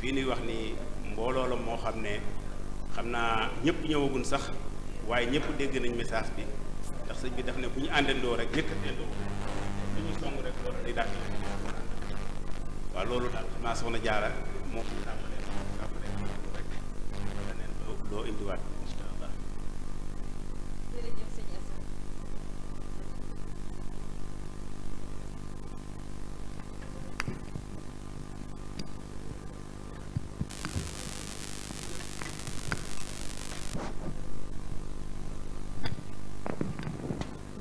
bii nuy wax ni mbooloo la moo xam ne xam naa ñëpp ñëwagun sax waaye ñëpp dégg nañ message bi ndax sëñ bi daf ne bu ñu àndandoo rek yëkkatendoo lu ñu rek loolu di dàq waaw loolu daal xam naa soxna jaara moo ko tàmbalee tàmbalee rek indiwaat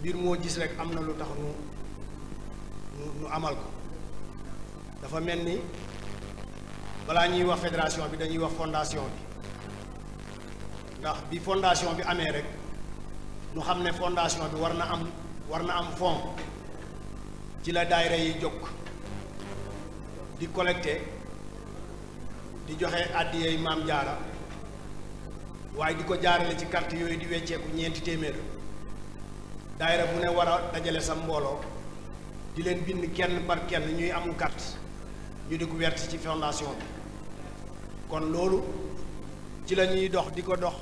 mbir moo gis rek am na lu tax nu nu amal ko dafa mel ni balaa ñuy wax fédération bi dañuy wax fondation bi ndax bi fondation bi amee rek nu xam ne fondation bi war na am war na am fond ci la daayira yi jokk di collecté di joxe àddiyey maam jaara waaye di ko jaarale ci carte yooyu di wecceeku ñeenti téeméer daayira bu ne war a dajale sa mbooloo di leen bind kenn par kenn ñuy am carte ñu di ci fondation bi kon loolu ci la ñuy dox di ko dox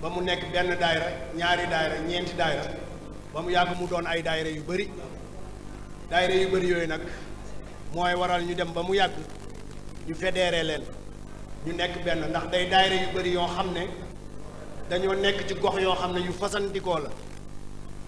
ba mu nekk benn daayira ñaari daayira ñeenti daayira ba mu yàgg mu doon ay daayira yu bëri daayira yu bëri yooyu nag mooy waral ñu dem ba mu yàgg ñu fédéré leen ñu nekk benn ndax day yu bëri yoo xam ne dañoo nekk ci gox yoo xam ne yu fasandikoo la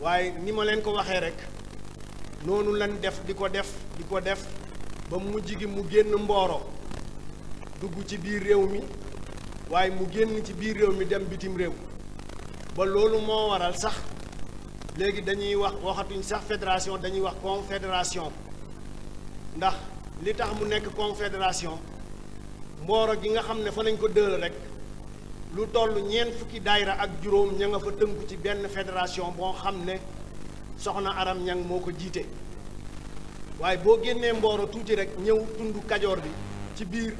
waaye ni ma len ko waxe rek nonu lan def di def di def ba mujj gi mu genn mboro dugg ci biir rew mi waye mu genn ci biir rew mi dem bitim rew ba lolou mo waral sax legui dañuy wax waxatuñ sax federation dañuy wax confederation ndax li tax mu nek confederation mboro gi nga xamne fa lañ ko deul rek lu tollu ñeen fukki daayira ak juroom ña nga fa tënku ci benn fédération bo xamne soxna aram ñang moko jité waye bo génné mboro mbooro tuuti rek ñew tundu kadior bi ci biir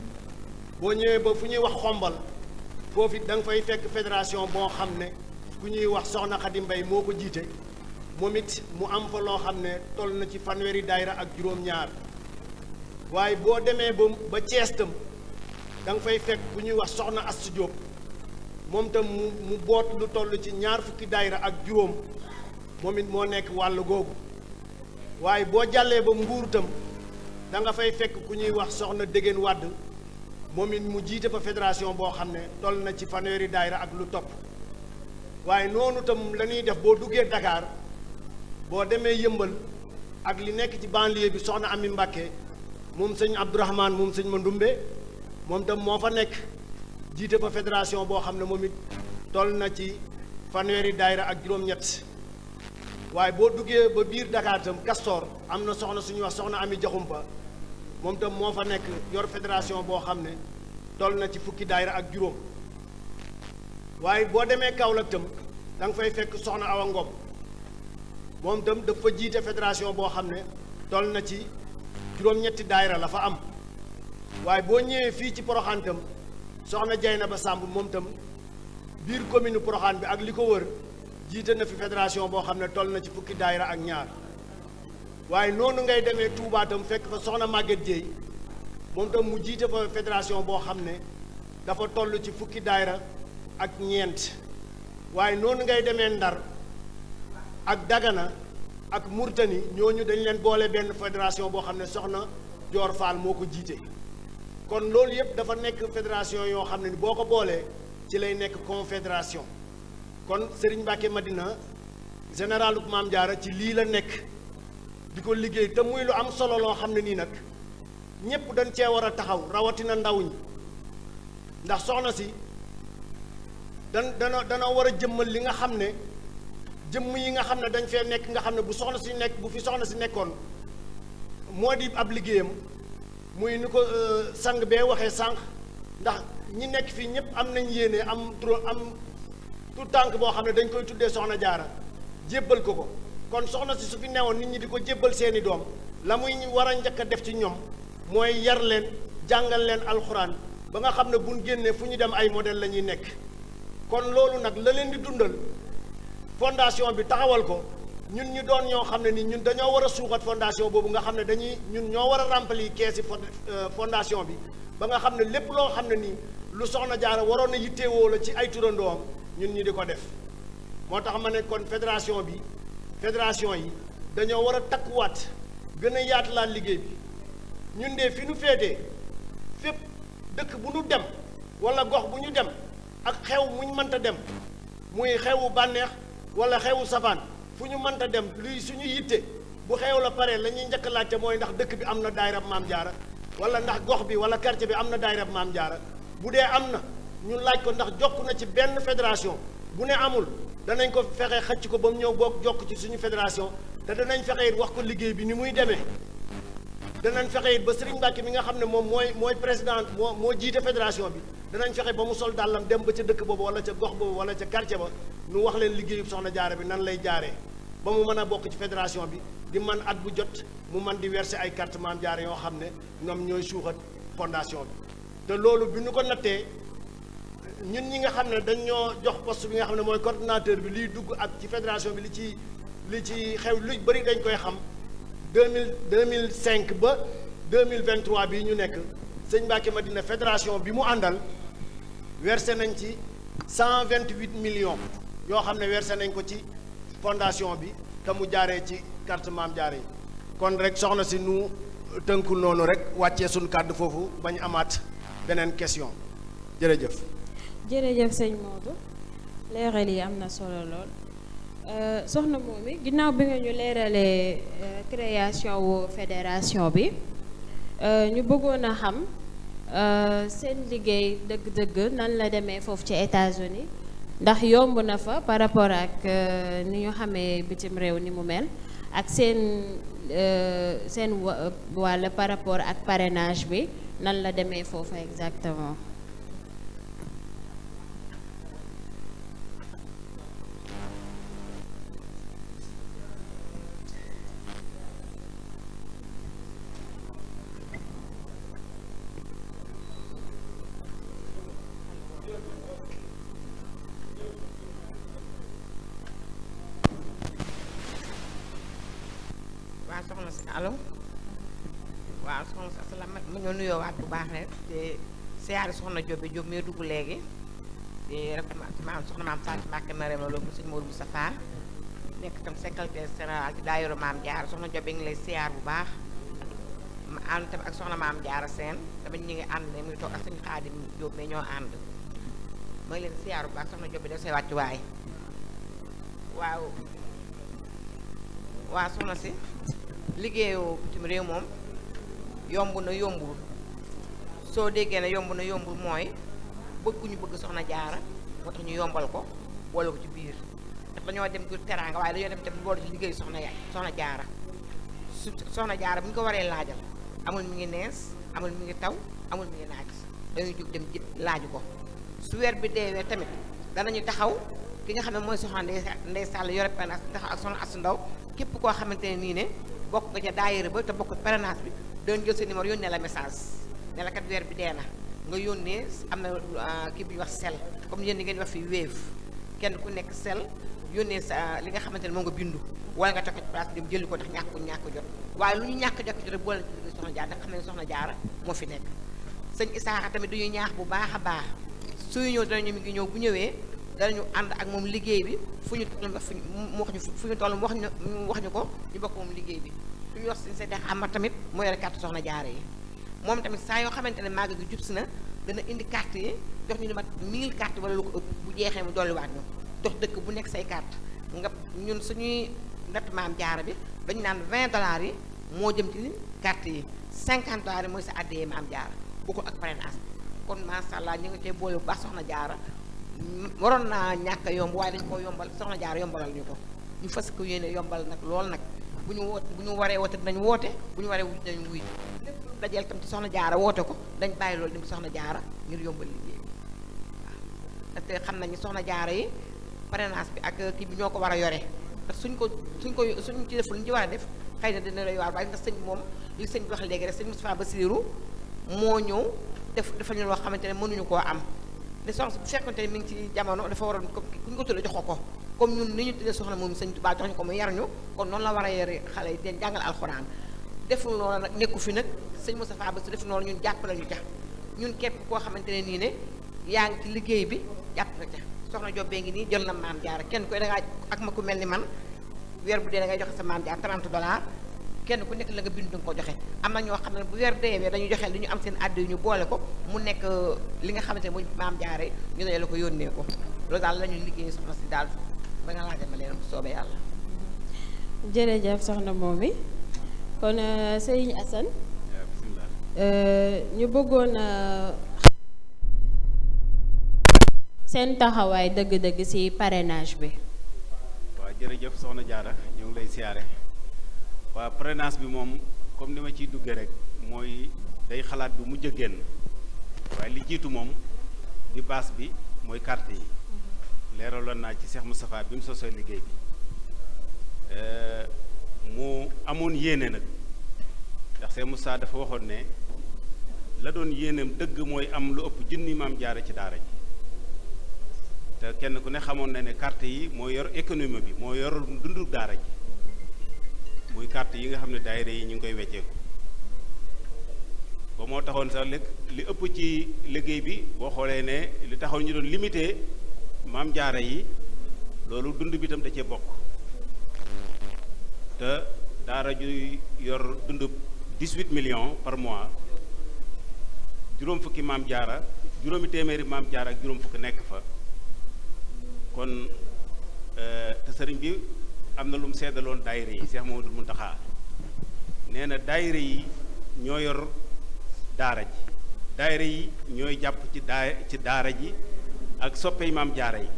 bo ñewé ba fu ñuy wax xombal fofu dang fay fekk fédération bo xamne ku ñuy wax soxna khadim bay moko jité momit mu am fa lo xamne toll na ci fanweeri daayira ak juroom ñaar waye bo démé ba ciestam dang fay fekk ku ñuy wax soxna astu moom itam mu mu boot lu toll ci ñaar fukki daayira ak juróom moom it moo nekk wàll googu waaye boo jàllee ba mbuur itam da nga fay fekk ku ñuy wax soxna dëggeen Wàdd moom it mu jiite fa fédération boo xam ne toll na ci fanweeri daayira ak lu topp waaye noonu tam lañuy def boo duggee Dakar boo demee yëmbal ak li nekk ci banlieue bi soxna Ami Mbàkke moom sëñ Abdourahman moom sëñ ma Mandumbe moom itam moo fa nekk jiite ko fédération boo xam ne moom it toll na ci fanweeri daayira ak juróom-ñett waaye boo duggee ba biir Dakar itam Castor am na soxna suñuy wax soxna Ami Jaxumpa moom itam moo fa nekk yor fédération boo xam ne toll na ci fukki daayira ak juróom waaye boo demee Kaolack itam da nga fekk soxna Awa Ngom moom itam dafa jiite fédération boo xam ne toll na ci juróom-ñetti daayira la fa am waaye boo ñëwee fii ci Poroxaan soxna Dieynaba Samb moom itam biir commune Porokhane bi ak li ko wër jiite na fi fédération boo xam ne toll na ci fukki daayira ak ñaar waaye noonu ngay demee Touba tam fekk fa soxna màgget Dieye moom tam mu jiite fa fédération boo xam ne dafa toll ci fukki daayira ak ñeent waaye noonu ngay demee Ndar ak Dagana ak Murtani ñooñu dañ leen boole benn fédération boo xam ne soxna joor Fall moo ko jiite kon loolu yëpp dafa nekk fédération yoo xam ne ni boo ko boolee ci lay nekk confédération kon Serigne ma dina général Maam Jaara ci lii la nekk di ko liggéey te muy lu am solo loo xam ne nii nag ñépp dañ cee war a taxaw rawatina ndaw ñi ndax soxna si dan dana dana war a jëmmal li nga xam ne jëmm yi nga xam ne dañ fee nekk nga xam ne bu soxna si nekk bu fi soxna si nekkoon moo di ab liggéeyam muy ni euh, sang be waxe sang, ndax ñi nek fi ñep am nañ yene am am tout tank bo xamne dañ koy tuddé soxna jaara jébal ko ko kon soxna ci su fi néwon nit ñi diko jébal seeni doom la muy war a def ci ñom moy yar leen jangal leen alcorane ba nga xamne buñu génné fuñu dem ay model lañuy nek kon lolu nak la leen di dundal fondation bi taxawal ko ñun ñu doon ñoo xam ne ni ñun dañoo war a suuxat fondation boobu nga xam ne dañuy ñun ñoo war a remplir keesi euh, fondation bi ba nga xam ne lépp loo xam ne nii lu soxna jaara waroon na yittewoo la ci ay turandoom ñun ñi di ko def moo tax ma ne kon fédération bi fédération yi dañoo war a takkuwaat gën a laa liggéey bi ñun de fi nu féetee fépp dëkk bu nu dem wala gox bu ñu dem ak xew muñ mënta dem muy xewu bànneex wala xewu safaan fu ñu mënta dem luy suñu yitte bu xew la paree la ñuy njëkk laajte mooy ndax dëkk bi am na daayirab maam jaara wala ndax gox bi wala quartier bi am na daayirab maam jaara bu dee am na ñu laaj ko ndax jokk na ci benn fédération bu ne amul danañ ko fexe xëcc ko ba mu ñëw bokk jokk ci suñu fédération te danañ fexe it wax ko liggéey bi ni muy demee danañ fexe it ba Serigne Mbacke mi nga xam ne moom mooy mooy président moo moo jiite fédération bi danañ fexe ba mu sol dàllam dem ba ca dëkk boobu wala ca gox boobu wala ca quartier ba nu wax leen liggéeyu soxna jaara bi nan lay jaaree ba mu mën a bokk ci fédération bi di man at bu jot mu man di verser ay carte Maam yoo xam ne ñoom ñooy suuxat fondation bi te loolu bi ñu ko nattee ñun ñi nga xam ne dañ ñoo jox poste bi nga xam ne mooy coordinateur bi liy dugg ak ci fédération bi li ci li ci xew lu bëri dañ koy xam deux mille deux mille cinq ba deux mille vingt trois bii ñu nekk sëñ ma dina fédération bi mu àndal versé nañ ci cent vingt huit millions yoo xam ne versé nañ ko ci. fondation bi te mu jaaree ci carte maam jaare yi kon rek soxna si nu tënku noonu rek wàccee suñu kàddu foofu ba amaat beneen question jërëjëf. jërëjëf sëñ Modou yi am na solo lool euh, soxna Momy ginnaaw bi nga ñu leeralee euh, création wu fédération bi euh, ñu bëggoon a xam seen liggéey dëgg-dëgg nan la demee foofu ci États-Unis ndax yomb na fa par rapport ak euh, ni ñu xamee bitim réew ni mu mel ak seen euh, seen wàll par rapport ak parrainage bi nan la demee foofa exactement nuyoo waat bu baax rek te siyaare soxna Jobe Diop mee dugg léegi di rek maam nekk tam secrétaire soxna Jobe ngi lay siyaar bu baax ak soxna maam Diarra seen tamit ñi ngi ànd ne mu ngi toog ak sëñ moom yomb na yombul soo déggee na yomb na yombul mooy bëgguñu bëgg soxna jaara moo tax ñu yombal ko boole ko ci biir ndax dañoo dem ngir teraanga waaye dañoo dem tamit boole ci liggéey soxna yaay soxna jaara su soxna jaara bu ñu ko waree laajal amul mi ngi nees amul mi ngi taw amul mi ngi naaj dañuy jóg dem ji laaju ko su weer bi deewee tamit dana danañu taxaw ki nga xam ne mooy soxna ndey ndey sàll yore parrainage taxaw ak soxna asu ndaw képp koo xamante ne nii ne bokk nga ca daayira ba te bokk parrainage bi doon jël sa numéro yónnee la message ne la weer bi dee na nga yónnee am na ah, kii bu wax sel comme yéen ni ngeen wax fi Wave kenn ku nekk sel yónnee sa ah, li nga xamante ne moo nga bindu wala nga toog place ko ndax ñàkk ñàkk jot waaye lu ñàkk jot jot boole ci soxna jaar ndax xam ne soxna jaara moo fi nekk sëñ a tamit duñu ñaax bu baax a baax suy ñëw danañu mi ngi ñëw bu ñëwee danañu ànd ak moom liggéey bi fu ñu toll wax mu wax ñu fu ñu toll mu wax ñu wax ñu ko ñu bokk moom liggéey bi suñu wax sëñ Seydou Amar tamit moo yore kàttu soxna jaara yi moom tamit saa yoo xamante ne màgg gi jub si na dana indi carte yi jox ñu lu mat 1000 carte wala lu ko ëpp bu jeexee mu dolliwaat ñu jox dëkk bu nekk say carte nga ñun suñuy natt maam jaara bi dañu naan 20 dollars yi moo jëm ci carte yi 50 dollars yi mooy sa àddee maam jaara bu ko ak parrainage kon macha allah ñu ngi cee boole bu baax soxna jaara waroon naa ñàkk yomb waaye dañu koo yombal soxna jaara yombalal ñu ko ñu fas ko yéene yombal nag lool nag bu ñu woot bu ñu waree woote dinañ woote bu ñu waree wuti dinañ wuy dajeel tam ci soxna jaara woote ko dañ bàyyi loolu dem soxna jaara ngir yombal liggéey waaw te xam nañu soxna jaara yi parrainage bi ak kii bi ñoo ko war a yore te suñ ko suñ ko suñ ci deful ñu ci war a def na dina lay waar waaye ndax sëñ moom li sëñ bi wax léegi rek sëñ Moustapha Bassirou moo ñëw def dafa ñu loo xamante ne mënuñu koo am ne soxna bu fekkonte ne mi ngi ci jamono dafa waroon ku ñu ko tuddee joxo ko comme ñun ni ñu tuddee soxna moom sëñ Tuubaa jox ñu ko mu yar ñu kon noonu la war a yore xale yi den jàngal alxuraan deful noonu nag nekku fi nag sëñ Moustapha Bassirou deful noonu ñun jàpp nañu ca ñun képp koo xamante ne nii ne yaa ngi ci liggéey bi jàpp nga ca soxna Jobbee ngi nii jël na maam jaara kenn koy da ngaa ak ma ku mel ni man weer bu dee da ngay joxe sa maam jaar 30 dollars kenn ku nekk la bind nga joxe am na ñoo xam ne bu weer deewee dañu joxe li ñu am seen àddi ñu boole ko mu nekk euh, li nga xamante ne mooy maam jaare ñu ne la ko yónnee ko loolu daal la ñuy liggéey soxna si daal ba nga laajal ma leen soobee yàlla. jërëjëf soxna moom mi kon euh, Serigne Assane euh, ñu bëggoon euh, seen taxawaay dëgg-dëgg ci parrainage bi. waaw jërëjëf soxna jaara ñu ngi lay siyaare waaw parrainage bi moom comme ni ma ciy duggee rek mooy day xalaat bu mu a génn waaye li jiitu moom di base bi mooy carte yi mhm. leeraloon naa ci mu Moustapha bi mu sosoo liggéey bi. mu amoon yéene nag ndax Sëñ Moussa dafa waxoon ne la doon yéeneem dëgg mooy am lu ëpp junni maam jaare ci daara ji te kenn ku ne xamoon na ne carte yi moo yor économie bi moo yorul dundu daara ji muy carte yi nga xam ne daayira yi ñu ngi koy wecceeku ba moo taxoon sax léeg li ëpp ci liggéey bi boo xoolee ne li taxoon ñu doon limité maam jaara yi loolu dund bi tam da cee bokk te daara ju yor dundub 18 million par mois juróom fukki maam jaara juróomi téeméeri maam jaara ak juróom fukk nekk fa kon eh, te seriñ bi am na lu mu seddaloon daayira yi Seex Mamadul Muntaxa nee na daayira yi ñoo yor daara ji daayira yi ñooy jàpp ci daa ci daara ji ak soppey maam jaara yi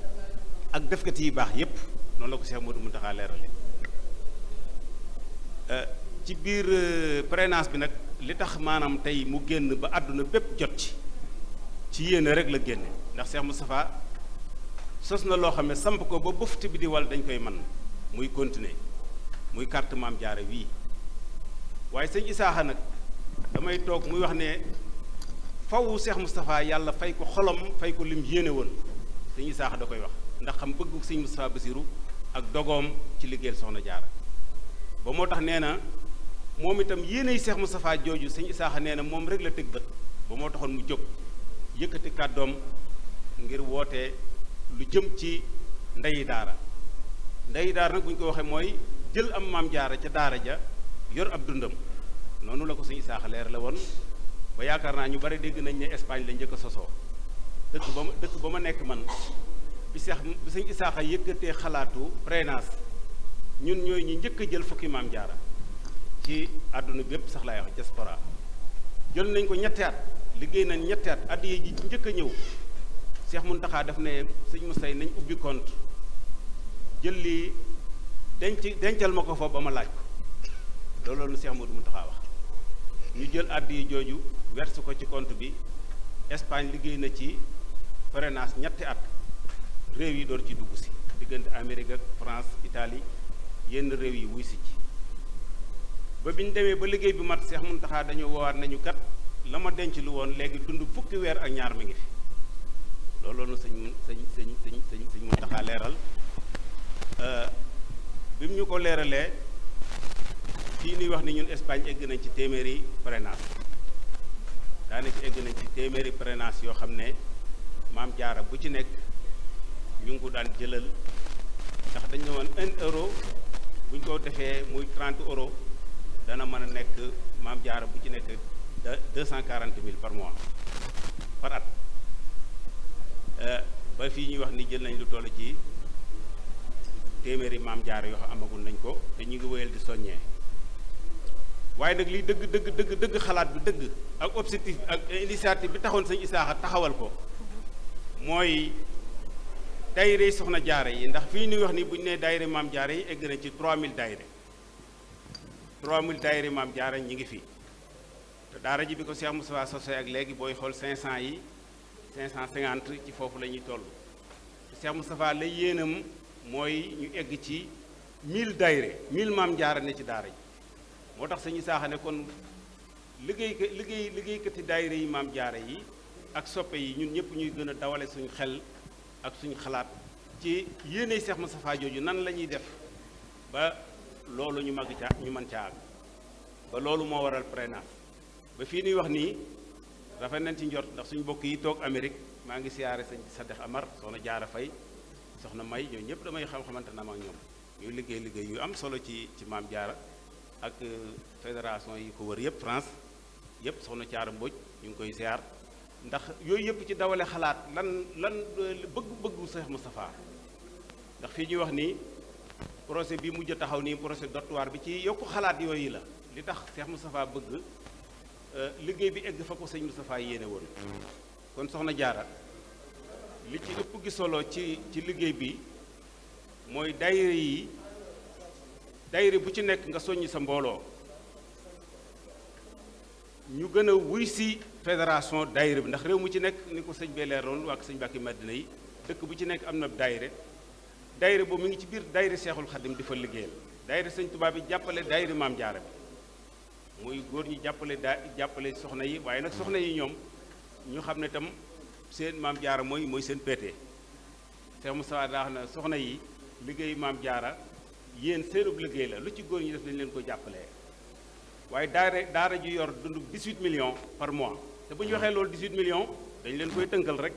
ak defkati yi baax yépp noonu la ko Seex Mamadul Muntaxa leerale Euh, ci biir euh, parrainage bi nag li tax maanaam tey mu génn ba àdduna bépp jot ci ci yéene rek la génne ndax Cheikh Moustapha sos na loo xam ne samp ko ba bufti bi di walla dañ koy man muy continuer muy carte maam jaare wii waaye sëñ saaxa nag damay toog muy wax ne faw Cheikh Moustapha yàlla fay ko xolom fay ko lim yéene woon sëñ Isaaxa da koy wax ndax xam bëggu sëñ Moustapha Basiru ak dogoom ci liggéeyal soxna jaara ba moo tax nee na moom itam yéenay Seex Mustafaa jooju sëñ Isaaxa nee na moom rek la tëg bët ba moo taxoon mu jóg yëkkati kàddoom ngir wootee lu jëm ci ndeyi daara ndeyi daara nag buñ ko waxee mooy jël am maam jaara ca daara ja yor ab dundam noonu la ko sëñ Isaaxa leer la woon ba yaakaar naa ñu bare dégg nañ ne Espagne la njëkk a sosoo dëkk ba ma dëkk ba ma nekk man bi sax bi sëñ Isaaxa yëkkatee xalaatu prénance ñun ñoy ñi ñëk jël fukki mam jaara ci aduna bëpp sax lay wax diaspora jël nañ ko ñetti at liggéey nañ ñetti at yi ji ci njëkk ñëw Cheikh muntaha daf ne seigne moustay nañ ubbi compte jël li denc dencal mako fa laaj ko loolu Cheikh Modou muntaha wax ñu jël yi joju verse ko ci compte bi Espagne liggéey na ci parrainage ñetti at réew yi door ci dugg si diggante Amérique France Italie yenn réew yi wuy si ba bi demee ba liggéey bi mat Seex mun Muntaxa dañu woowaat nañu kat la ma denc lu woon léegi dund fukki weer ak ñaar mi ngi fi loolu sëñ sëñ sëñ sëñ sëñ sëñ Muntaxa leeral euh, bi mu ñu ko leeralee fii nuy wax ni ñun Espagne egg nañ ci téeméeri parrainage daanaka egg nañ ci téeméeri prenance yoo xam ne maam jaara bu ci nekk ñu ngi ko daan jëlal ndax dañu ne woon un euro bu ñu ko defee muy 30 euro dana mën a nekk maam jaara bu ci nekk de quarante mille par mois par at euh, ba fii ñuy wax ni jël nañ lu toll ci téeméeri maam jaara yoo xam amagul nañ ko te ñu ngi wéyal di soññee waaye nag liy dëgg dëgg dëgg dëgg xalaat bi dëgg ak objectif ak initiative bi taxoon sëñ Isaaxa taxawal ko mooy daayira yi soxna jaare yi ndax fii ñuy wax ni bu nee daayira maam jaare yi egg nañ ci 3000 daayira 3000 daayira maam jaare ñi ngi fi te daara ji bi ko Cheikh Moustapha sosé ak léegi booy xool 500 yi 550 ci foofu la ñuy toll Cheikh Moustapha la yéenam mooy ñu egg ci 1000 daayira 1000 maam jaare ne ci daara ji moo tax sañu saaxa ne kon liggéey liggéey liggéeykati daayira yi maam jaare yi ak soppe yi ñun ñëpp ñuy gën a dawale suñu xel ak suñu xalaat ci yéene Seex Mustafaa jooju nan la ñuy def ba loolu ñu mag ca ñu man caa ba loolu moo waral parrainage ba fii nuy wax nii rafet nañ ci njort ndax suñu mbokk yi toog Amérique maa ngi siyaare sëñ Sadex Amar soxna Jaara Fay soxna May ñooñu ñëpp damay xam xamante na ma ak ñoom ñuy liggéey liggéey yu am solo ci ci maam Jaara ak euh, fédération yi ko wër yëpp France yëpp soxna Caara Mbóoj ñu ngi koy siyaar ndax yooyu yëpp ci dawale xalaat lan lan bëgg-bëggu Cheikh safaa ndax fii ñuy wax nii projet bi mujj taxaw nii projet dortoir bi ci yokk xalaat yooyu la li tax seex mu safaa bëgg euh, liggéey bi egg fa ko sëñ Moustapha safaa woon kon soxna jaara li ci ëpp gi solo ci ci liggéey bi mooy daayira yi daayira bu ci nekk nga soññ sa mbooloo ñu gën a wuy si fédération daayira bi ndax réew mu ci nekk ni ko sëñ bee leeroon waa ko sëñ Bàkki Madina yi dëkk bu ci nekk am na dayre daayira boobu mi ngi ci biir dayre Seexul Xadim di fa liggéeyal daayira sëñ tubaab yi jàppale daayira Maam Jaara bi góor ñi jàppale daa jàppale soxna yi waaye nag soxna yi ñoom ñu xam ne tam seen Maam Jaara mooy mooy seen péete Seex Musaa daa na soxna yi liggéey Maam Jaara yéen seenub liggéey la lu ci góor ñi def dañ leen ko jàppale waaye daara daara ju yor dund 18 millions par mois te bu ñu waxee loolu 18 millions dañ leen koy tënkal rek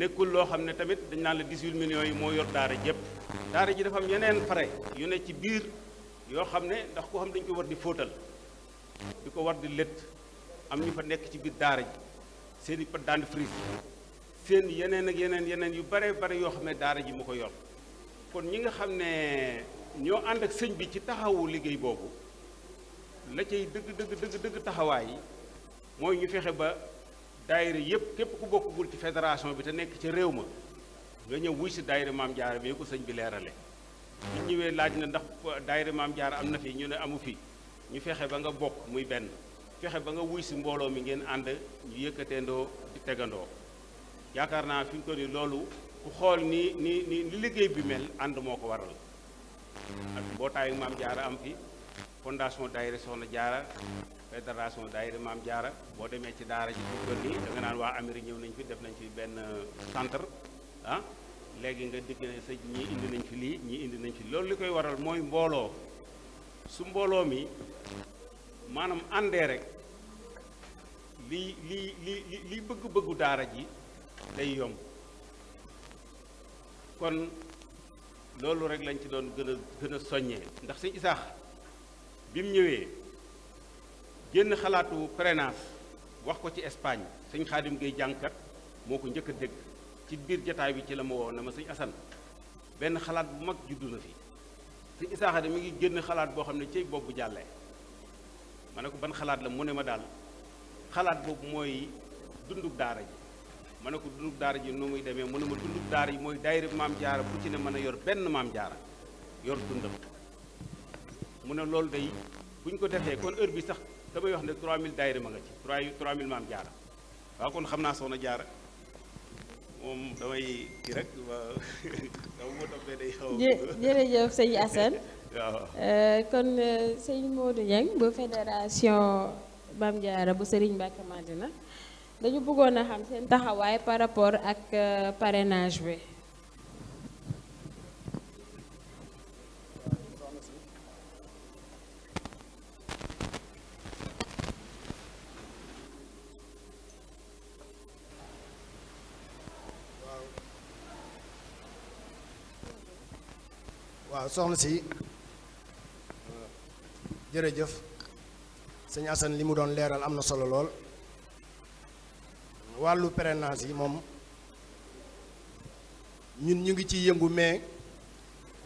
nekkul loo xam ne tamit dañ naan la 18 millions yi moo yor daara jëpp daara ji dafa am yeneen frais yu ne ci biir yoo xam ne ndax ko xam dañ ko war di fóotal di ko war di lett am ñu fa nekk ci biir daara ji seen i pâte dentifrice seen yeneen ak yeneen yeneen yu bare bare yoo xam ne daara ji mu ko yor kon ñi nga xam ne ñoo ànd ak sëñ bi ci taxawu liggéey boobu la cay dëgg dëgg dëgg mooy ñu fexe ba daayira yépp képp ku bokkagul ci fédération bi te nekk ci réew ma nga ñëw wuy si daayira maam jaara bi ko sëñ bi leerale ñu ñëwee laaj na ndax daayira maam jaara am na fi ñu ne amu fi ñu fexe ba nga bokk muy benn fexe ba nga wuy si mbooloo mi ngeen ànd ñu yëkkateendoo di tegandoo yaakaar naa fi ñu ko ni loolu ku xool ni ni ni li liggéey bi mel ànd moo ko waral ak mbootaayu maam jaara am fi fondation daayira soxna jaara fédération daayira maam jaara boo demee ci daara ji fi nii da naan waa Amérique ñëw nañ fi def nañ fi benn euh, centre ah léegi nga dikk ne indi nañ fi lii ñii indi nañ fi loolu li koy waral mooy mbooloo su mbooloo mi maanaam àndee rek li li li li bëgg-bëggu daara ji tey yomb kon loolu rek lañ ci doon gën gën a soññee ndax si Isaax bi mu ñëwee génn xalaatu prénance wax ko ci Espagne sëñ Xaadim Gay jànkat moo ko njëkk a dégg ci biir jataay bi ci la ma woo na ma sëñ Asan benn xalaat bu mag juddu na fi sëñ Isaaxa de mi ngi génn xalaat boo xam ne cey boobu jàllee ma ne ko ban xalaat la mu ne ma daal xalaat boobu mooy dundub daara ji ma ne ko dundub daara ji nu muy demee mu ne ma dundub daara ji mooy daayira maam jaara bu ci ne mën a yor benn maam jaara yor dundam mu ne loolu day buñ ko defee kon heure bi sax damay wax ne 3000 daayira ma nga ci 3 3000 maam jaara waaw kon xam naa soxna jaara moom damay kii rek waaw dama moo toppee day xaw jërëjëf sëñ euh, kon euh, sëñ Modou Niang bu fédération maam jaara bu Serigne Mbacké Madina dañu bëggoon a xam seen taxawaay par rapport ak euh, parenage bi waaw soxna si jërëjëf sëñ Assane li mu doon leeral am na solo lool wàllu parrainage yi moom ñun ñu ngi ciy yëngu mais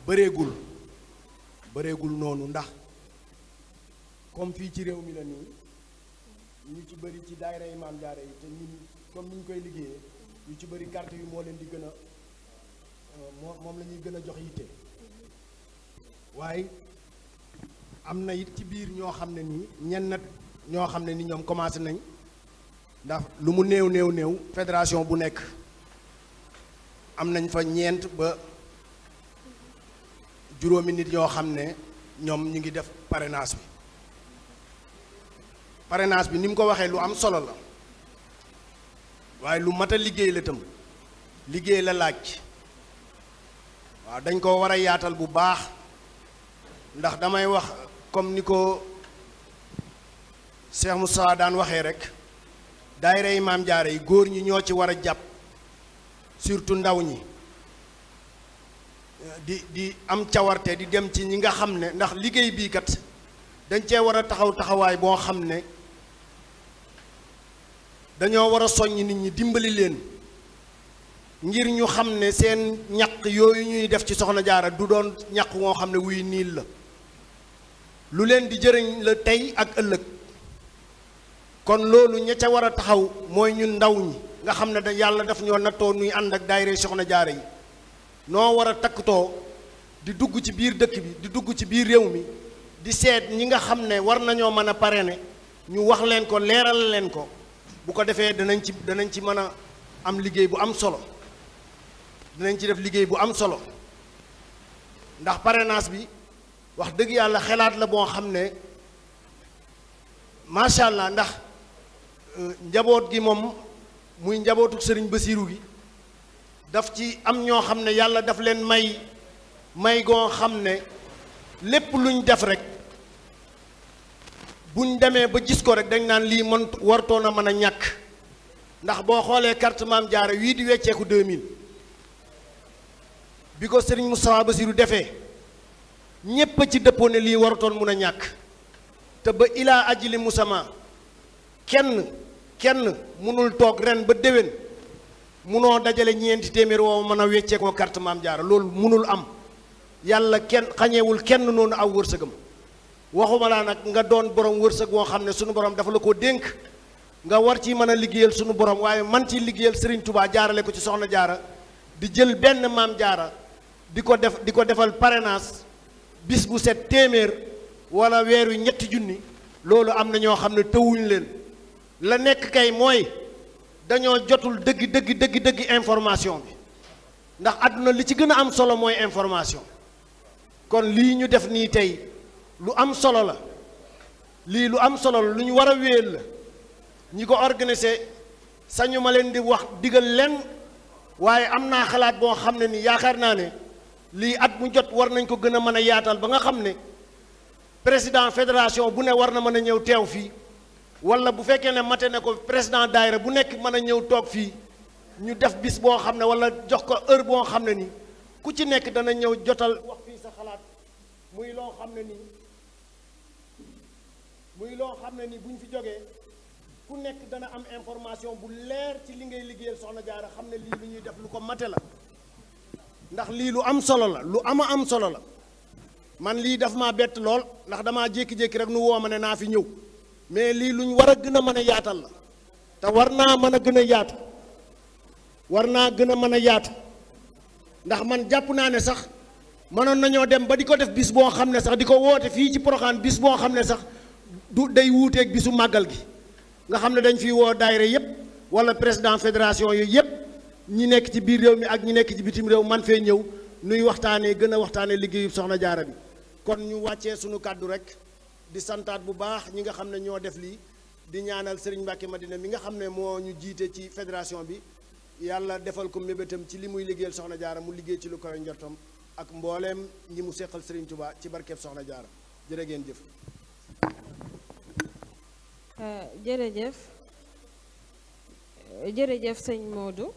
bëreegul bëreegul noonu ndax comme fii ci réew mi la nii ñu ci bëri ci daayira yi maam jaare yi te ñun comme ni ñu koy liggéeyee ñu ci bëri carte yi moo leen di gën a euh, moom lañuy ñuy gën a jox yitte. waaye am na it ci biir ñoo xam ne nii ñenn nag ñoo xam ne ni ñoom commencé nañ ndax lu mu néew néew néew fédération bu nekk am nañ fa ñeent ba juróomi nit ñoo xam ne ñoom ñu ngi def parrainage bi parrainage bi ni mu ko waxee lu am solo la waaye lu mat a liggéey la tam liggéey la laaj waaw dañ ko war a yaatal bu baax ndax damay wax comme niko Cheikh Moussa dan waxe rek jari imam jaare yi ñi ñoo ci wara japp surtout ndaw ñi di di am cawarte di dem ci ñi nga xamne ndax liggey bi kat dañ ci wara taxaw taxaway bo xamne daño wara soñ nit ñi dimbali leen ngir ñu xamne seen ñak yooyu ñuy def ci soxna jaara du doon ñak wo xamne wuy niil la lu leen di jëriñ la tey ak ëllëg kon loolu ña ca war a taxaw mooy ñun ndaw ñi nga xam ne da yàlla daf ñoo nattoo nuy ànd ak daayira na jaara yi noo war a takktoo di dugg ci biir dëkk bi di dugg ci biir réew mi di seet ñi nga xam ne war nañoo mën a parrainer ñu wax leen ko leeral leen ko bu ko defee danañ ci danañ ci mën a am liggéey bu am solo danañ ci def liggéey bu am solo ndax parrainage bi wax dëgg yàlla xalaat la boo xam ne macha allah ndax euh, njaboot gi moom muy njabootu sëriñ Basiiru gi daf ci am ñoo xam ne yàlla daf leen may may goo xam ne lépp luñ def rek buñ demee ba gis ko rek dañ naan lii mën wartoon a mën a ñàkk ndax boo xoolee carte maam jaare wii di wecceeku 2000 bi ko sëriñ Moustapha Basiiru defee ñépp ci dëppoo ne lii waratoon mun a ñàkk te ba ilaa mu musama kenn kenn mënul toog ren ba déwén munoo dajale ñeenti téeméer woo mën a weccee koo carte maam jaara loolu munul am yàlla kenn xañeewul kenn noonu aw wërsëgam waxuma laa nag nga doon borom wërsëg woo xam ne sunu borom dafa la ko dénk nga war ci mën a liggéeyal sunu borom waaye man ci liggéeyal Serigne tubaa jaarale ko ci soxna jaara di jël benn maam jaara di ko def di ko defal parrainage bis bu set téeméer wala weeru ñetti junni loolu am na ñoo xam ne tëwuñ leen la nekk kay mooy dañoo jotul dëgg dëgg dëgg dëgg information bi ndax àdduna li ci gën a am solo mooy information kon lii ñu def nii tey lu am solo la lii lu am solo la lu ñu war a wéel la ñi ko organisé sañu ma leen di wax diggal leen waaye am naa xalaat boo xam ne ni yaakaar naa ne lii at mu jot war nañ ko gën a mën a yaatal ba nga xam ne président fédération bu ne war na mën a ñëw teew fii wala bu fekkee ne mate ne ko président daayira bu nekk mën a ñëw toog fii ñu def bis boo xam ne wala jox ko heure boo xam ne nii ku ci nekk dana ñëw jotal wax fii sa xalaat muy loo xam ne nii muy xam ne nii bu ñu fi jógee ku nekk dana am information bu leer ci li ngay liggéeyal soxna jaara xam ne lii lu ñuy def lu ko mate la ndax li lu am solo la lu ama am solo la man li daf ma bet lol ndax dama jek jek rek nu ma ne lol, fi ñew mais li luñ wara gëna mëna yaatal la ta warna mëna gëna yaat warna mana mëna yaat ndax man japp na ne sax nañu dem ba diko ko def bis bo xam sax diko ko fi ci programme bis bo sax du day ak bisu magal gi nga xam dañ fi wo daayira yépp wala président fédération yooyu yépp ñi nekk ci biir réew mi ak ñi nekk ci bitim réew man fee ñëw nuy waxtaanee gën a waxtaanee liggéeyu soxna jaara bi kon ñu wàccee suñu kàddu rek di santaat bu baax ñi nga xam ne ñoo def lii di ñaanal Serigne ma Madina mi nga xam ne moo ñu jiite ci fédération bi yàlla defal ko mébétam ci li muy liggéeyal soxna jaara mu liggéey ci lu koy njortam ak mbooleem ñi mu seqal sëriñ tubaa ci barkeeb soxna jaara jërë ngeen jëf. Euh, jërëjëf euh, jërëjëf sëñ Modou.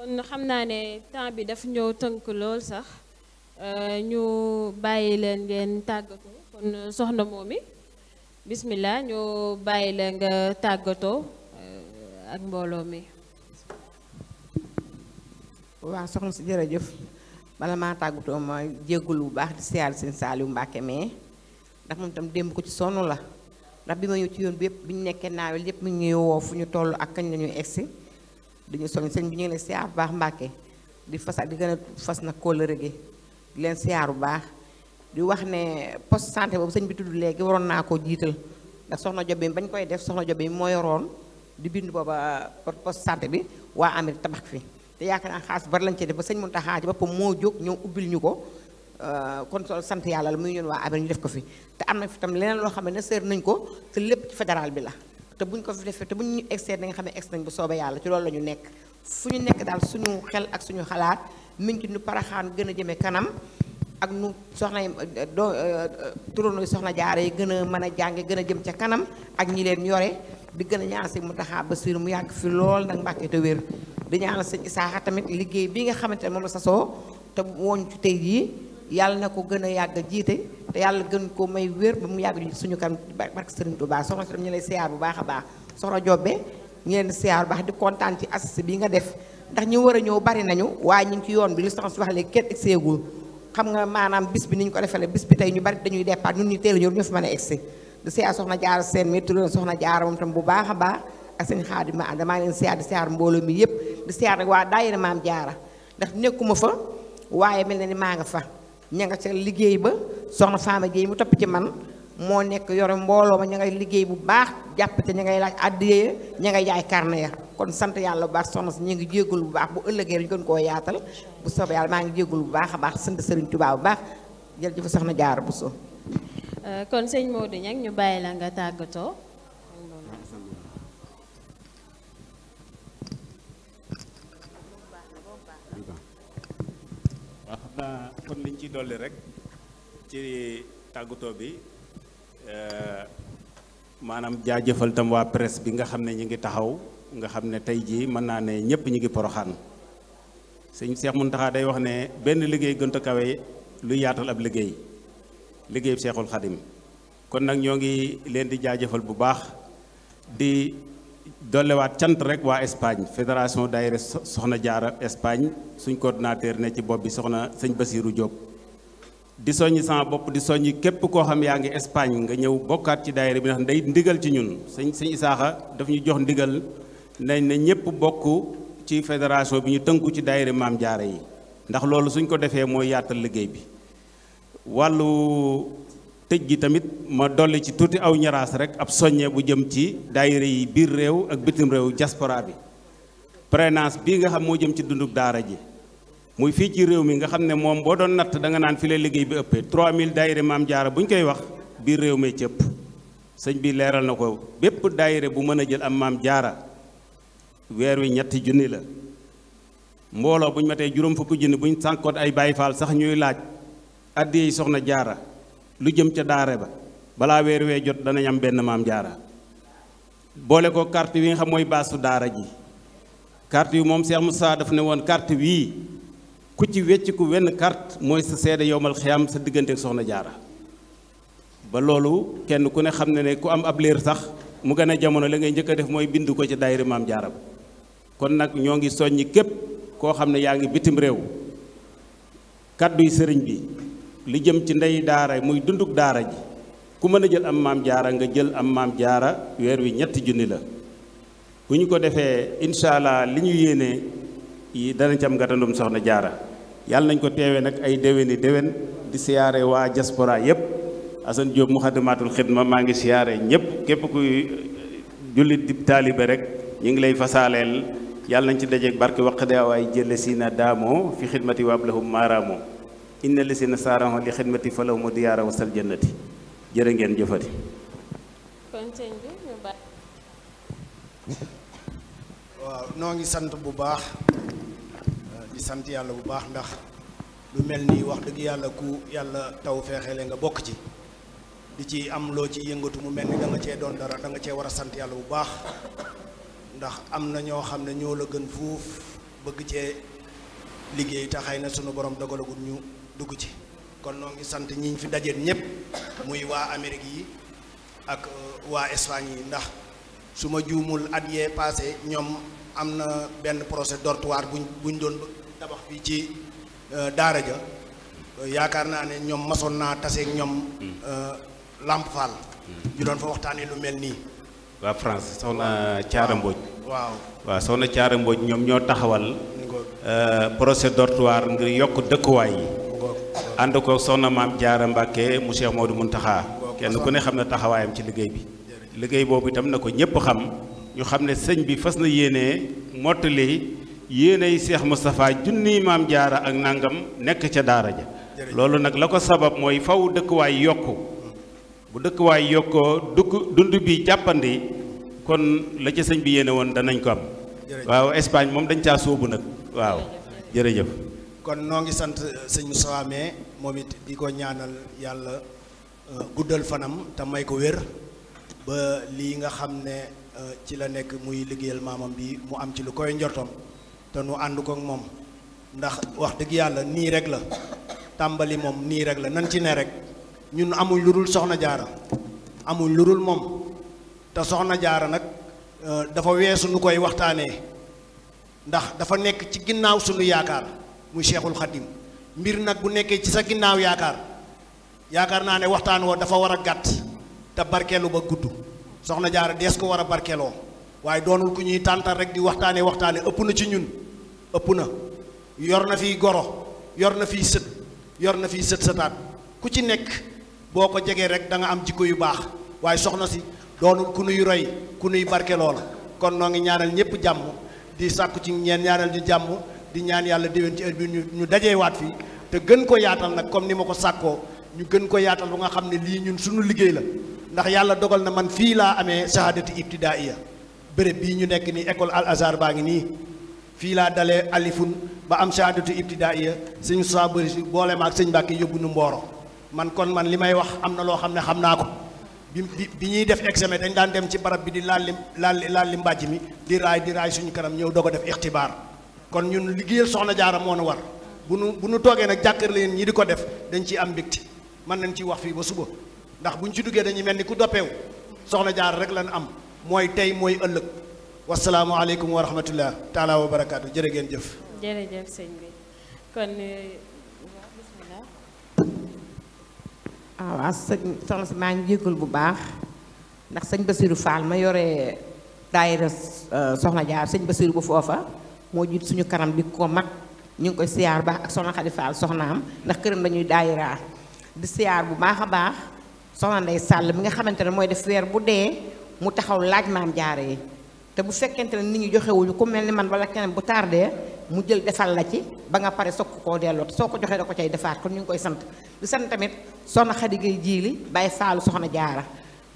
kon xam naa ne temps bi daf ñëw tënk lool sax euh, ñu bàyyi leen ngeen tàggatoo kon euh, soxna Momy bismillah ñu bàyyi la nga tàggatoo euh, ak mbooloo mi. waaw soxna si jërëjëf bala maa tàggatoo ma jéggul bu baax di siyaal seen Saaliw Mbàkke mais ndax moom tam démb ko ci sonn la ndax bi ma ñëw ci yoon bi yëpp ñu nekkee naawel yëpp mi ngi fu ñu toll ak kañ lañuy ñuy egsi dañu sol sëñ bi ñu ngi leen siyaar bu baax Mbàkke di fas di gën a fas na kóllëre gi di leen siyaar bu baax di wax ne poste santé boobu sëñ bi tudd léegi waroon naa koo jiital ndax soxna Jobe bañ koy def soxna Jobe moo yoroon di bind booba euh, poste santé bi waa Amérique tabax fi te yaakaar naa xaas bari lañ ci def ba sëñ Muntaxa ci boppam moo jóg ñëw ubbil ñu ko euh, kon sol sant yàlla la muy ñun waa Amérique ñu def ko fi te am na fi tam leneen loo xam ne seer nañ ko te lépp ci fédéral bi la te bu buñ ko fi defee te bu ñu egsee da nga xam ne egg nañ bu soobee yàlla ci loolu la ñu nekk fu ñu nekk daal suñu xel ak suñu xalaat miñ ci nu paraxaan gën a jëmee kanam ak nu soxna yi eh, doo eh, eh, turandoo soxna jaare yi gën a mën a jànge gën a jëm ca kanam ak ñi leen yore di gën a ñaan si mu taxaa Basiir mu yàgg fi lool nag Mbàkke te wér di ñaanal sëñ Isaaxa tamit liggéey bi nga xamante ne moom la sasoo te woon ci tey jii yàlla na ko gën a yàgg jiite te yàlla gën koo may wér ba mu yàgg suñu kan barke Sëriñ Tuubaa soxna si tam ñu lay siyaar bu baax a baax soxna Jobbe ñu leen siyaar bu baax di kontaan ci assise bi nga def ndax ñu war a ñëw bari nañu waaye ñu ngi ci yoon bi li soxna si wax léegi kenn xam nga maanaam bis bi ni ñu ko defale bis bi tey ñu bari dañuy départ ñun ñu teel a ñëw ñu fi mën a egsi di siyaar soxna jaar seen mi tudd soxna jaar moom tam bu baax a baax ak seen ma ànd maa leen siyaar di siyaar mbooloo mi yëpp di siyaar rek waa daayira maam jaara ndax nekkuma fa waaye mel na ni maa nga fa ña nga ca liggéey ba soxna Fama Gueye mu topp ci man moo nekk yore mbooloo ma ña ngay liggéey bu baax jàpp te ña ngay laaj àddiyee ña ngay jaay carnet ya kon sant yàlla bu baax soxna si ñu ngi jéggul bu baax bu ëllëgee ñu gën koo yaatal bu soobee maa ngi jéggul bu baax a baax sant sëriñ Touba bu baax jërëjëf soxna Diarra Bousso. Euh, kon sëñ Modou Niang ñu bàyyi la nga tàggatoo. kon liñ ciy dolli rek ci tàggatoo bi euh, maanaam jaajëfal tam waa presse bi nga xam ne ñu ngi taxaw nga xam ne tey jii mën naa ne ñëpp ñu ngi poroxaan sëñ Cheikh Mountakha day wax ne benn liggéey gënt a kawe lu yaatal ab liggéey liggéey Cheikhul Khadim kon nag ñoo ngi leen di jaajëfal bu baax di. dollewaat cant rek waa Espagne fédération daayira soxna jaara Espagne suñ coordinateur ne ci bopp bi soxna sëñ Basiiru Diop di soñ sama bopp di soññi képp koo xam yaa ngi Espagne nga ñëw bokkaat ci daayira bi ndax day ndigal ci ñun sëñ sëñ Isaaxa daf ñu jox ndigal nañ ne ñëpp bokk ci fédération bi ñu tënku ci daayira maam jaara yi ndax loolu suñ ko defee mooy yaatal liggéey bi wàllu tëj gi tamit ma dolli ci tuuti aw ñaraas rek ab soññe bu jëm ci daayira yi biir réew ak bitim réew diaspora bi prénance bii nga xam moo jëm ci dunduk daara ji muy fii ci réew mi nga xam ne moom boo doon natt da nga naan fi liggéey bi ëppee 3000 daayira maam jaara bu koy wax biir réew mee cëpp sëñ bi leeral na ko bépp daayira bu mën a jël am maam jaara weer wi ñetti junni la mbooloo buñ ñu matee juróom fukki junni buñ ñu sànkoot ay baay sax ñuy laaj addi yi soxna jaara lu jëm ca daare ba balaa weer wee jot danañ am benn maam jaara boole ko carte wi nga xam mooy baasu daara ji kart yi moom Cheikh Moussa daf ne woon carte wii ku ci wecc ku wenn carte mooy sa seede yowmal xiyam sa diggante soxna jaara ba loolu kenn ku ne xam ne ne ku am ab liir sax mu gën a jamono la ngay njëkk a def mooy bind ko ca daayira maam jaara ba kon nag ñoo ngi soññ képp koo xam ne yaa ngi bitim réew kàdduy sëriñ bi li jëm ci ndey daara muy dunduk daara ji ku mën a jël am maam jaara nga jël am maam jaara weer wi ñetti junni la bu ñu ko defee incha allah li ñu yéene yi dana ci am gàttandum soxna jaara yàlla nañ ko teewee nag ay déwéni déwén di siyaare waa diaspora yépp Assane Diop Muxaddamatul Xidma maa ngi siyaare ñëpp képp kuy eh, jullit di taalibe rek ñu ngi lay fasaaleel yàlla nañ ci dajeeg barke waqda waay jëlle si na daamoo fi xidmati waab lahum maaraamoo inna lisina saaraho li xidmati falaw mu diyaara wasal jannati jere ngeen jeufati waaw no ngi sant bu baax euh, di sant yalla bu baax ndax lu melni wax deug yalla ku yalla taw fexele nga bok ci di ci am lo ci yëngatu mu melni da nga ci don dara da nga ci wara sant yalla bu baax ndax am na ño xamne ño la gën fuf bëgg ci liggéey taxay na suñu borom dogalagul ñu dugg ci kon no ngi sante ñiñ fi dajeen ñep muy wa Amérique yi ak uh, wa Espagne yi ndax suma joomul at yee passé ñom amna na benn projet dortoir buñ buñ doon tabax fi ci uh, daara ja uh, yaakaar naa ñom mason na tassé taseeg ñoom lampe Fall ñu doon fa lu melni wa France soxna tiara Mbodj waaw wa soxna tiara Mbodj ñom ñoo taxawal procès dortoir ngir yok dekk way ànd ko soxna maam jaara Mbàkke mu Cheikh Modou Mountakha kenn ku ne xam ne taxawaayam ci liggéey bi liggéey boobu itam na ko ñépp xam ñu xam ne sëñ bi fas na yéenee mottali yéeney Cheikh Moustapha junniy maam jaara ak nangam nekk ca daara ja loolu nag la ko sabab mooy faw dëkkuwaay yokk bu dëkkuwaay yokkoo dukk dund bi jàppandi kon la ca sëñ bi yéene woon danañ ko am waaw Espagne moom dañ caa sóobu nag waaw jërëjëf moom it di ko ñaanal yàlla euh, guddal fanam te may ko wér ba lii nga xam ne euh, ci la nekk muy liggéeyal maamam bi mu am ci lu koy njortoom te nu ànd ko moom ndax wax dëgg yàlla nii rek la tàmbali moom nii rek la nan ci ne rek ñun amuñ lu dul soxna jaara amuñ lu dul moom te soxna jaara nag euh, dafa weesu nu koy waxtaanee ndax dafa nekk ci ginnaaw sunu yaakaar muy Cheikhul Khadim mbir nag bu nekkee ci sa ginnaaw yaakaar yaakaar naa ne waxtaan woo dafa war a gàtt te barkeelu ba gudd soxna jaara dees ko war a barkeloo waaye doonul ku ñuy tàntal rek di waxtaane waxtaane ëpp na ci ñun ëpp na yor na fiy goro yor na fiy sët yor na fiy sët sëtaat ku ci nekk boo ko jegee rek da nga am jikko yu baax waaye soxna si doonul ku nuy roy ku nuy barkeloo la kon noo ngi ñaanal ñépp jàmm di sàkku ci ñeen ñaanal ñu jàmm di ñaan yàlla déwén ci heure bi ñu ñu dajeewaat fii te gën ko yaatal nag comme ni ma ko sàkkoo ñu gën ko yaatal bu nga xam ne lii ñun suñu liggéey la ndax yàlla dogal na man fii laa amee shahadati ya béréb bii ñu nekk nii école al azhar baa ngi nii fii laa dalee alifun ba am shahadatu ibtidaaiya sëñ Moussa Bari boole ma ak sëñ Mbàkke yóbbu ñu mbooro man kon man li may wax am na loo xam ne xam naa ko bi bi ñuy def examen dañ daan dem ci barab bi di laal li laal li mbàjj mi di raay suñu kanam ñëw doog a def ixtibaar kon ñun liggéeyal soxna jaara moo nu war bu nu bu nu toogee nag jàkkar leen ñi di ko def dañ ciy am mbégte mën nañ ciy wax fii ba suba ndax bu ñu ci duggee dañuy mel ni ku doppeewu soxna jaar rek lañ am mooy tey mooy ëllëg wa rahmatullah taalaa wa barakaatu jërë ngeen jëf. jërëjëf sëñ bi kon. Euh, ah, waaw sëñ soxna si bu baax ndax sëñ Basiru Fall ma yore daayira euh, soxna jaar sëñ Basiru bu foofa. moo jiit suñu kanam di ko mag ñu ngi koy siyaar baax ak soxna Xadi Faal soxnaam ndax këram dañuy daayiraa di siyaar bu baax a baax soxna Ndey Sàll mi nga xamante ne mooy def weer bu dee mu taxaw laaj maam jaare yi te bu fekkente ne nit ñi joxewuñu ku mel ni man wala keneen bu tardé mu jël defal la ci ba nga pare soog koo delloo te soo ko joxee da ko cay defaat kon ñu ngi koy sant di sant tamit soxna Xadi Gay jiili bàyyi Saalu soxna jaara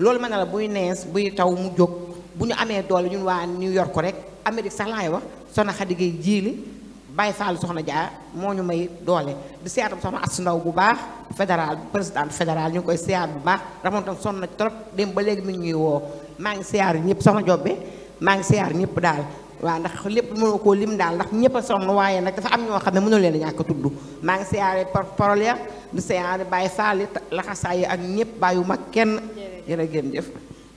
loolu mën na la buy nees buy taw mu jóg bu ñu amee doole ñun waa New York rek Amérique sax laay wax soxna Xadi Gey jiili bàyyi Fall soxna Dia moo ñu may doole di siyaatam soxna Astou Ndaw bu baax fédéral président fédéral ñu koy siyaar bu baax ramoon tam sonn na trop dem ba léegi mi ngi ñuy woo maa ngi siyaar ñëpp soxna Jobbe maa ngi siyaar ñëpp daal waaw ndax lépp mënoo koo lim daal ndax ñëpp a sonn waaye nag dafa am ñoo xam ne mënoo leen a ñàkk a tudd maa ngi siyaare par parole di siyaare Baye Fall laxasaay ak ñëpp bàyyu mag kenn jërë ngeen jëf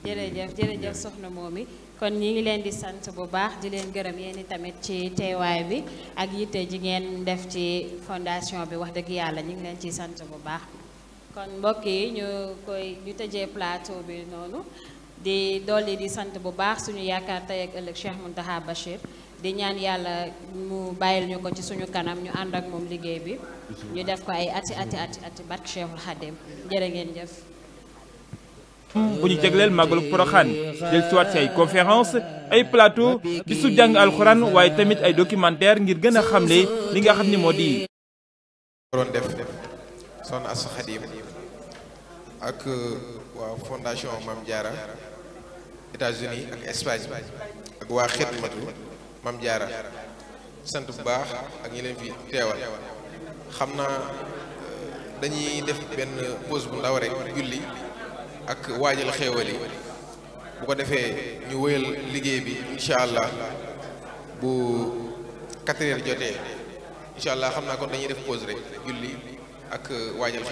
jërëjëf jërëjëf soxna Momy kon ñi ngi leen di sant bu baax di leen gërëm yéen i tamit ci teewaay bi ak yitte ji ngeen def ci fondation bi wax dëgg yàlla ñu ngi leen ci sant bu baax kon mbokk yi ñu koy ñu tëjee plateau bi noonu di dolli di sant bu baax suñu yaakaar tey ak ëllëg Cheikh Mountakha Bachir di ñaan yàlla mu bàyyil ñu ko ci suñu kanam ñu ànd ak moom liggéey bi ñu def ko ay ati ati ati ati barke Cheikhul Khadim ngeen jëf bu ñu jagleel màggalu poroxaan del siwaat si ay conférence ay plateau bi su jàng alxuraan waaye tamit ay documentaire ngir gën a xamle li nga xam ni moo di doon def son as xadim ak euh, waa fondation Mame Diarra états ak Espagne ak waa xidmatu sant bu baax ak ñi leen fi teewal xam naa euh, dañuy def benn pause bu ndaw rek julli ak waajal xéewal bu ko defee ñu wëyal liggéey bi incha allah bu 4 jotee incha allah xam naa ko dañuy def pause rek julli ak waajal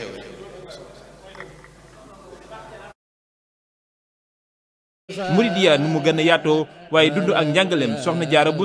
xéewal